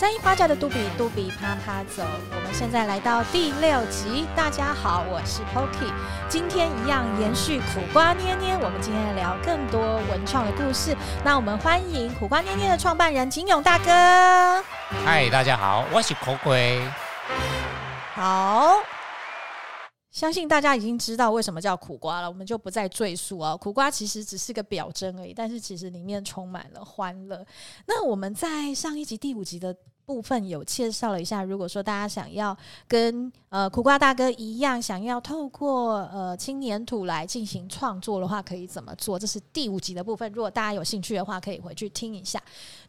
三一花家的度比，度比趴趴走。我們現在來到第六集。大家好，我是 Poki，今天一樣延續苦瓜捏捏。我們今天來聊更多文創的故事。那我們歡迎苦瓜捏捏的創辦人錦永大哥。嗨，大家好，我是苦鬼。好。相信大家已經知道為什麼叫苦瓜了，我們就不再贅述啊。苦瓜其實只是個表徵而已，但是其實裡面充滿了歡樂。那我們在上一集第五集的部分有介紹了一下，如果說大家想要跟呃苦瓜大哥一樣，想要透過呃輕黏土來進行創作的話，可以怎麼做？這是第五集的部分，如果大家有興趣的話，可以回去聽一下。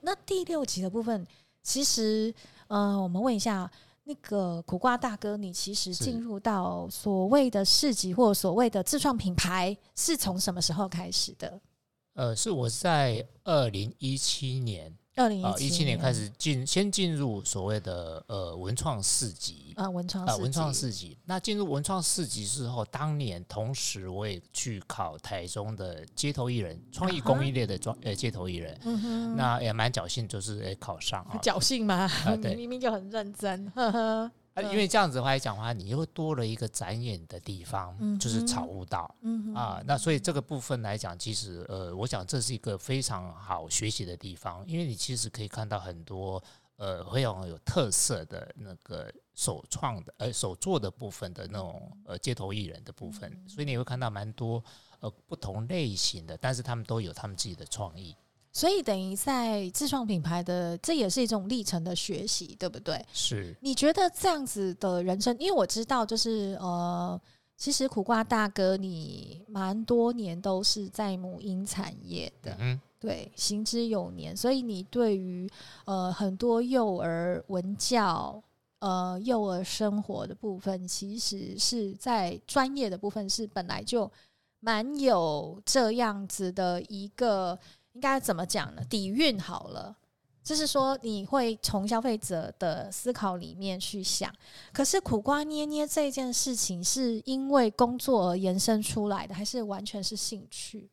那第六集的部分，其實呃，我們問一下啊。那個苦瓜大哥，你其實進入到所謂的市集或所謂的自創品牌，是從什麼時候開始的？呃，是我在二零一七年。二零一七年開始進、嗯，先進入所謂的呃文創市集啊，文創啊、呃、文創市集。那進入文創市集之後，當年同時我也去考台中的街頭藝人創意工藝類的專、啊、呃街頭藝人、嗯哼，那也蠻僥幸，就是、呃、考上啊、哦。僥幸嗎、啊對？明明就很認真。呵呵因為這樣子的話來講的話，你又多了一個展演的地方，嗯、就是草悟道、嗯、啊。那所以這個部分來講，其實呃，我想這是一個非常好學習的地方，因為你其實可以看到很多呃非常有特色的那個手創的呃手作的部分的那種呃街頭藝人的部分，所以你會看到蠻多呃不同類型的，但是他們都有他們自己的創意。所以等於在自創品牌，的，這也是一種歷程的學習，對不對？是。你覺得這樣子的人生，因為我知道，就是呃，其實苦瓜大哥你蠻多年都是在母嬰產業的，嗯、嗯，對，行之有年。所以你對於呃很多幼兒文教，呃幼兒生活的部分，其實是在專業的部分是本來就蠻有這樣子的一個。應該怎麼講呢？底蘊好了，就是說你會從消費者的思考裡面去想。可是苦瓜捏捏這件事情，是因為工作而延伸出來的，還是完全是興趣？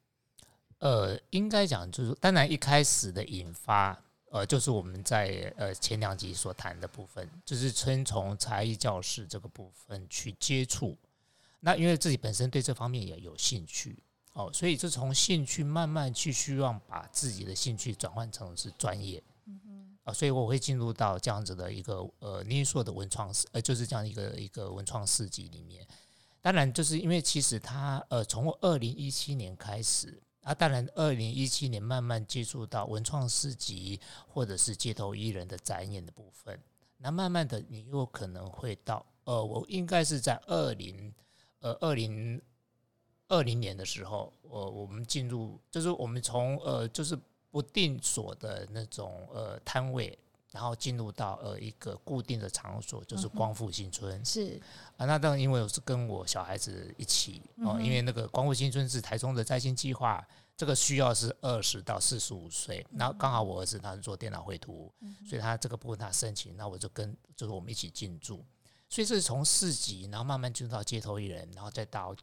呃，應該講就是，當然一開始的引發，呃，就是我們在呃前兩集所談的部分，就是先從才藝教室這個部分去接觸。那因為自己本身對這方面也有興趣。哦，所以就從興趣慢慢去，希望把自己的興趣轉換成是專業，嗯哼，啊，所以我會進入到這樣子的一個呃捏塑的文創，呃，就是這樣一個一個文創市集裡面。當然，就是因為其實他呃，從我二零一七年開始，啊，當然二零一七年慢慢接觸到文創市集或者是街頭藝人的展演的部分，那慢慢的你又可能會到呃，我應該是在二零呃二零。二零年的時候，呃，我們進入就是我們從呃就是不定所的那種呃攤位，然後進入到呃一個固定的場所，就是光復新村。嗯、是啊，那當然因為我是跟我小孩子一起哦、呃嗯，因為那個光復新村是台中的摘星計劃，這個需要是二十到四十五歲，那剛好我兒子他是做電腦繪圖、嗯，所以他這個部分他申請，那我就跟就是我們一起進駐，所以這是從市集，然後慢慢進入到街頭藝人，然後再到。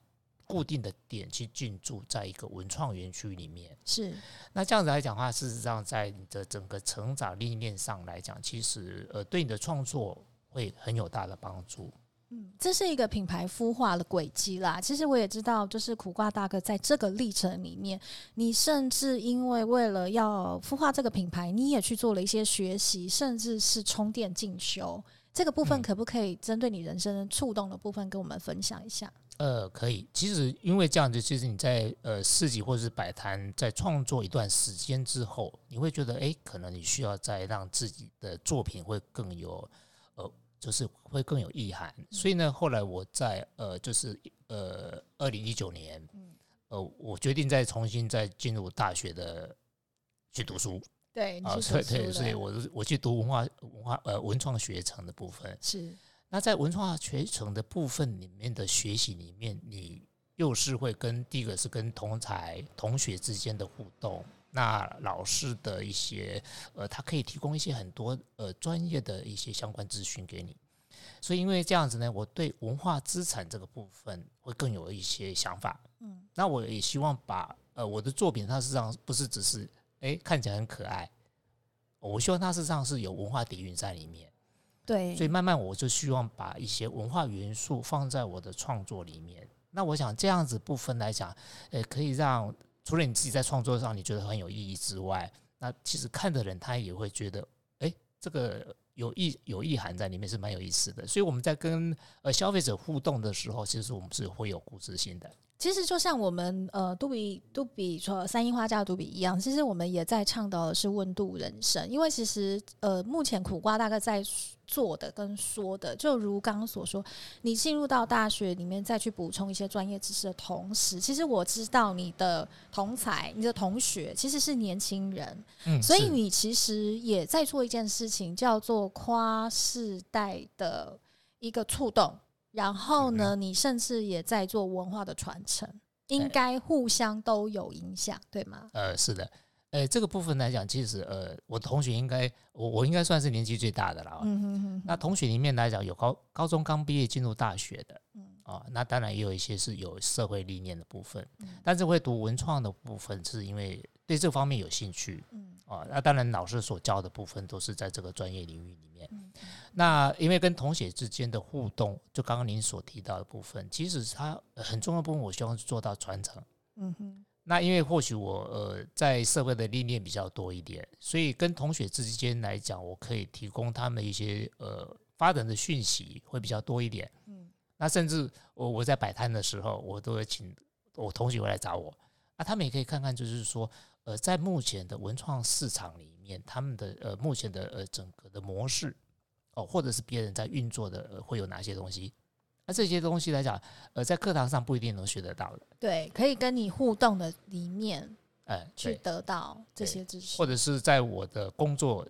固定的點去進駐在一個文創園區裡面，是，那這樣子來講的話，事實上在你的整個成長歷練上來講，其實呃對你的創作會很有大的幫助。嗯，這是一個品牌孵化的軌跡啦。其實我也知道，就是苦瓜大哥在這個歷程裡面，你甚至因為為了要孵化這個品牌，你也去做了一些學習，甚至是充電進修。這個部分可不可以針對你人生觸動的部分跟我們分享一下？嗯呃，可以。其實因為這樣子，其實你在呃市集或者是擺攤，在創作一段時間之後，你會覺得，哎，可能你需要再讓自己的作品會更有，呃，就是會更有意涵。嗯、所以呢，後來我在呃，就是呃，二零一九年、嗯，呃，我決定再重新再進入大學的去讀書。對，你啊，對對，所以我我去讀文化文化呃文創學程的部分是。那在文化傳承的部分裡面的學習裡面，你又是會跟第一個是跟同才同學之間的互動，那老師的一些呃，他可以提供一些很多呃專業的一些相關資訊給你。所以因為這樣子呢，我對文化資產這個部分會更有一些想法。嗯，那我也希望把呃我的作品，它實際上不是只是哎、欸、看起來很可愛，我希望它實際上是有文化底蘊在裡面。對，所以慢慢我就希望把一些文化元素放在我的創作裡面。那我想這樣子部分來講，呃，可以讓除了你自己在創作上你覺得很有意義之外，那其實看的人他也會覺得，哎，這個有意有意涵在裡面是蠻有意思的。所以我們在跟呃消費者互動的時候，其實我們是會有故事性的。其實就像我們呃，度比度比說三櫻花加度比一樣，其實我們也在倡導的是溫度人生。因為其實呃，目前苦瓜大哥在做的跟說的，就如剛剛所說，你進入到大學裡面再去補充一些專業知識的同時，其實我知道你的同才、你的同學其實是年輕人，嗯，所以你其實也在做一件事情，叫做跨世代的一個觸動。然後呢，你甚至也在做文化的傳承，嗯，應該互相都有影響，對嗎？呃，是的，呃，這個部分來講，其實呃，我同學應該我我應該算是年紀最大的了。嗯哼，哼哼。那同學裡面來講，有高高中剛畢業進入大學的，啊、嗯哦，那當然也有一些是有社會歷練的部分，嗯，但是會讀文創的部分，是因為對這方面有興趣。嗯啊，那當然，老師所教的部分都是在這個專業領域裡面。嗯、那因為跟同學之間的互動、嗯，就剛剛您所提到的部分，其實它很重要的部分，我希望做到傳承。嗯哼。那因為或許我呃在社會的歷練比較多一點，所以跟同學之間來講，我可以提供他們一些呃發展的訊息會比較多一點。嗯。那甚至我我在擺攤的時候，我都會請我同學回來找我那、啊、他們也可以看看，就是說。呃，在目前的文創市場裡面，他們的呃，目前的呃，整個的模式哦，或者是別人在運作的、呃，會有哪些東西？那、啊、這些東西來講，呃，在課堂上不一定能學得到的。對，可以跟你互動的裡面，哎、嗯，去得到這些知識，或者是在我的工作，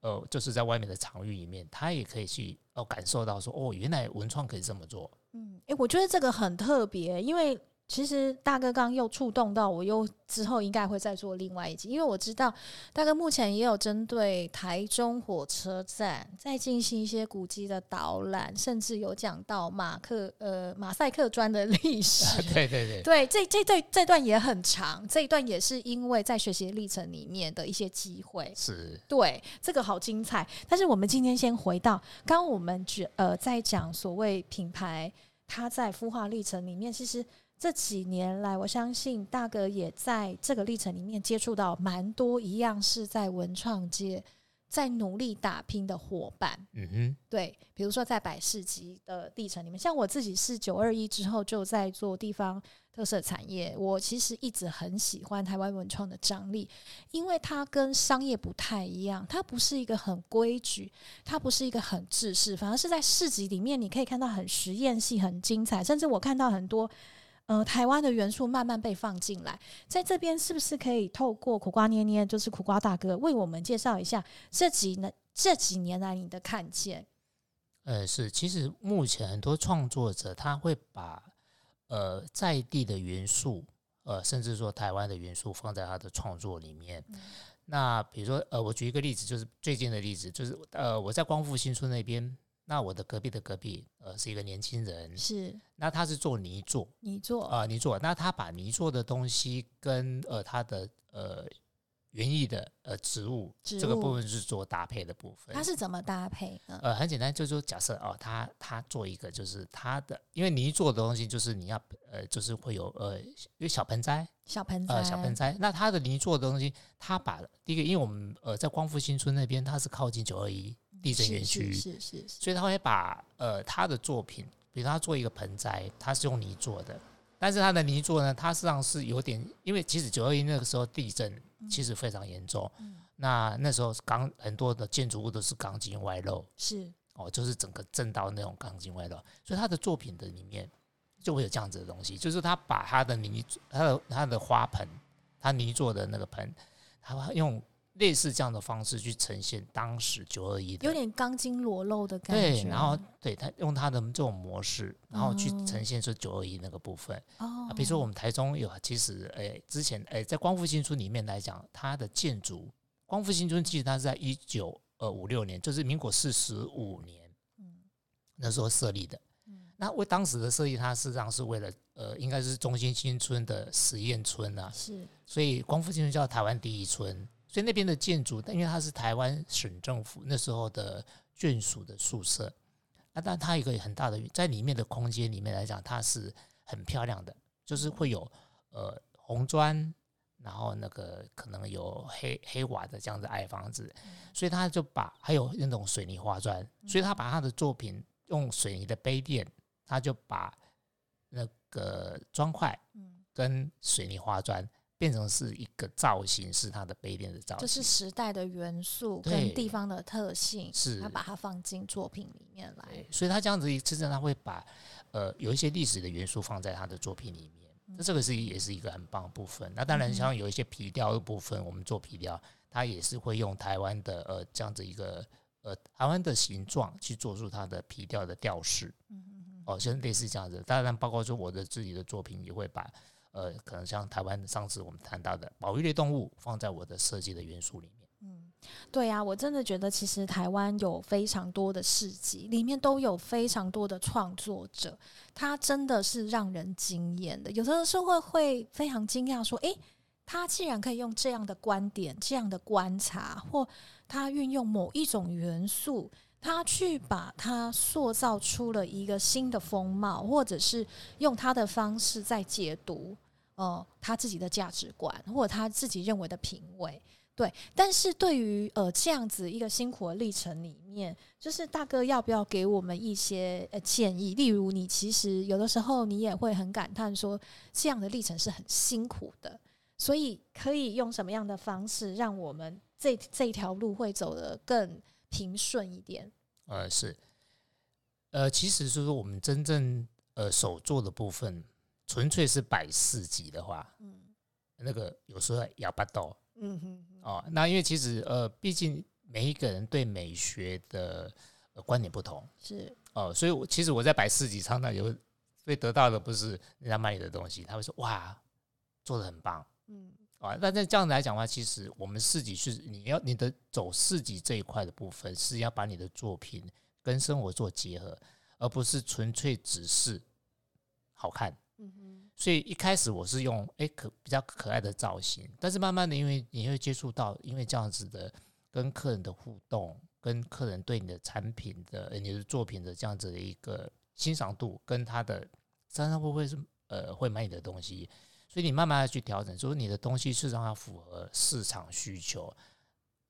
呃，就是在外面的場域裡面，他也可以去哦感受到說，哦，原來文創可以這麼做。嗯，哎、欸，我覺得這個很特別，因為。其實大哥剛又觸動到我，又之後應該會再做另外一集，因為我知道大哥目前也有針對台中火車站在進行一些古蹟的導覽，甚至有講到馬克呃馬賽克磚的歷史。 對，對，對對對，這這這這段也很長，這一段也是因為在學習歷程裡面的一些機會。是，對，這個好精彩。但是我們今天先回到剛我們舉呃在講所謂品牌，它在孵化歷程裡面其實。這幾年來，我相信大哥也在這個歷程裡面接觸到蠻多一樣是在文創界在努力打拼的夥伴。嗯哼，對，比如說在擺市集的歷程裡面，像我自己是九二一之後就在做地方特色產業，我其實一直很喜歡台灣文創的張力，因為它跟商業不太一樣，它不是一個很規矩，它不是一個很制式，反而是在市集裡面你可以看到很實驗性、很精彩，甚至我看到很多。呃，台灣的元素慢慢被放進來，在這邊是不是可以透過苦瓜捏捏，就是苦瓜大哥為我們介紹一下這幾呢？這幾年來你的看見？呃，是，其實目前很多創作者他會把呃在地的元素，呃，甚至說台灣的元素放在他的創作裡面。嗯。那比如說，呃，我舉一個例子，就是最近的例子，就是呃，我在光復新村那邊。那我的隔壁的隔壁，呃，是一個年輕人，是。那他是做泥作，泥作，啊，呃，泥作，那他把泥作的東西跟呃他的呃園藝的呃植物，植物這個部分是做搭配的部分。他是怎麼搭配？嗯、呃，很簡單，就是，說假設啊，呃，他他做一個就是他的，因為泥作的東西就是你要呃，就是會有呃，有小盆栽，小盆栽，小盆栽。呃盆栽呃，盆栽那他的泥作的東西，他把第一個，因為我們呃在光復新村那邊，他是靠近九二一。地震園區，是是是，是，是，所以他會把呃他的作品，比如他做一個盆栽，他是用泥做的，但是他的泥做呢，他實際上是有點，因為其實九二一那個時候地震其實非常嚴重，嗯，那那時候鋼很多的建築物都是鋼筋外露，是哦，就是整個震到那種鋼筋外露，所以他的作品的裡面就會有這樣子的東西，就是他把他的泥，他的他的花盆，他泥做的那個盆，他用。類似這樣的方式去呈現當時九二一的，有點鋼筋裸露的感覺。對，然後對用它，用他的這種模式，然後去呈現出九二一那個部分。哦、啊，比如說我們台中有，其實誒、欸，之前誒、欸，在光復新村裡面來講，它的建築光復新村其實它是在一九呃五六年，就是民國四十五年，那時候設立的。那為當時的設計，它實際上是為了呃，應該是中興新村的實驗村啊。是，所以光復新村叫台灣第一村。所以那邊的建築，因為它是台灣省政府那時候的眷屬的宿舍，啊，但它一個很大的，在裡面的空間裡面來講，它是很漂亮的，就是會有呃紅磚，然後那個可能有黑黑瓦的這樣子矮房子，嗯，所以他就把還有那種水泥花磚，所以他把他的作品用水泥的杯墊，他就把那個磚塊跟水泥花磚。變成是一個造型，是它的杯墊的造型，就是時代的元素跟地方的特性，是它把它放進作品裡面來。對，所以他這樣子其實他會把呃有一些歷史的元素放在他的作品裡面，那、嗯、這個是也是一個很棒的部分。那當然像有一些皮雕的部分，嗯、我們做皮雕，他也是會用台灣的呃這樣子一個呃台灣的形狀去做出它的皮雕的吊飾。嗯嗯嗯。哦、呃，像類似這樣子，當然包括說我的自己的作品也會把。呃，可能像台灣上次我們談到的，保育類動物放在我的設計的元素裡面。嗯，對呀、啊，我真的覺得其實台灣有非常多的市集，裡面都有非常多的創作者，他真的是讓人驚艷的。有的人是會會非常驚訝說，誒、欸，他既然可以用這樣的觀點、這樣的觀察，或他運用某一種元素，他去把它塑造出了一個新的風貌，或者是用他的方式在解讀，哦、呃，他自己的價值觀或者他自己認為的品味，對。但是，對於呃這樣子一個辛苦的歷程裡面，就是大哥要不要給我們一些呃建議？例如，你其實有的時候你也會很感嘆說，這樣的歷程是很辛苦的，所以可以用什麼樣的方式讓我們這這條路會走得更？平順一點，呃是，呃其實是說我們真正呃手做的部分，純粹是擺市集的話，嗯，那個有時候要八道嗯哼，哼，哦、呃、那因為其實呃畢竟每一個人對美學的呃觀點不同，是哦、呃，所以我其實我在擺市集常常有，所以得到的不是人家賣你的東西，他會說哇做得很棒，嗯。啊，那在這樣子來講的話，其實我們市集是你要你的走市集這一塊的部分，是要把你的作品跟生活做結合，而不是純粹只是好看。嗯哼。所以一開始我是用誒、欸、可比較可愛的造型，但是慢慢的因為你會接觸到，因為這樣子的跟客人的互動，跟客人對你的產品的、呃、你的作品的這樣子的一個欣賞度，跟他的常常會不會是呃會買你的東西。所以你慢慢去調整，說你的東西事實上要符合市場需求。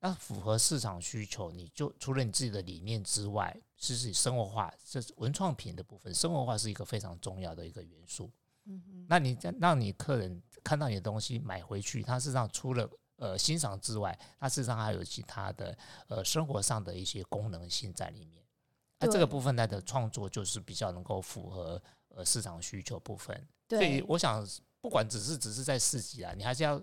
那符合市場需求，你就除了你自己的理念之外，其實生活化，這、就是文創品的部分。生活化是一個非常重要的一個元素。嗯，那你在讓你客人看到你的東西買回去，它事實上除了呃欣賞之外，它事實上還有其他的呃生活上的一些功能性在裡面。那這個部分它的創作就是比較能夠符合呃市場需求部分。對，所以我想。不管只是只是在市集啊，你還是要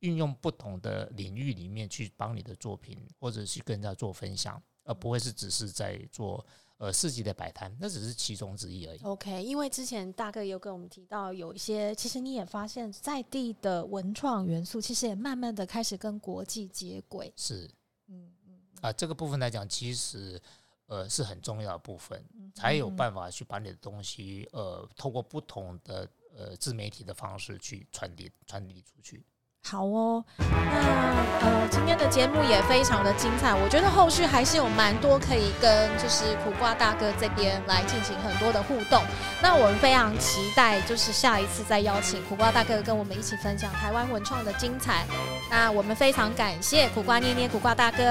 運用不同的領域裡面去幫你的作品，或者去跟人家做分享，而不會是只是在做呃市集的擺攤，那只是其中之一而已。OK，因為之前大哥有跟我們提到，有一些其實你也發現，在地的文創元素其實也慢慢的開始跟國際接軌。是，嗯嗯啊，這個部分來講，其實呃是很重要的部分，才有辦法去把你的東西呃透過不同的。呃，自媒體的方式去傳遞傳遞出去。好哦，那呃，今天的節目也非常的精彩，我覺得後續還是有蠻多可以跟就是苦瓜大哥這邊來進行很多的互動。那我們非常期待，就是下一次再邀請苦瓜大哥跟我們一起分享台灣文創的精彩。那我們非常感謝苦瓜捏捏、苦瓜大哥，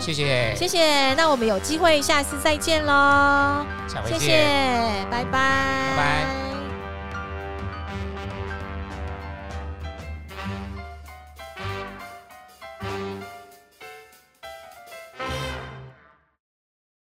謝謝，謝謝。那我們有機會下一次再見嘍，下回見，謝謝，拜拜，拜拜。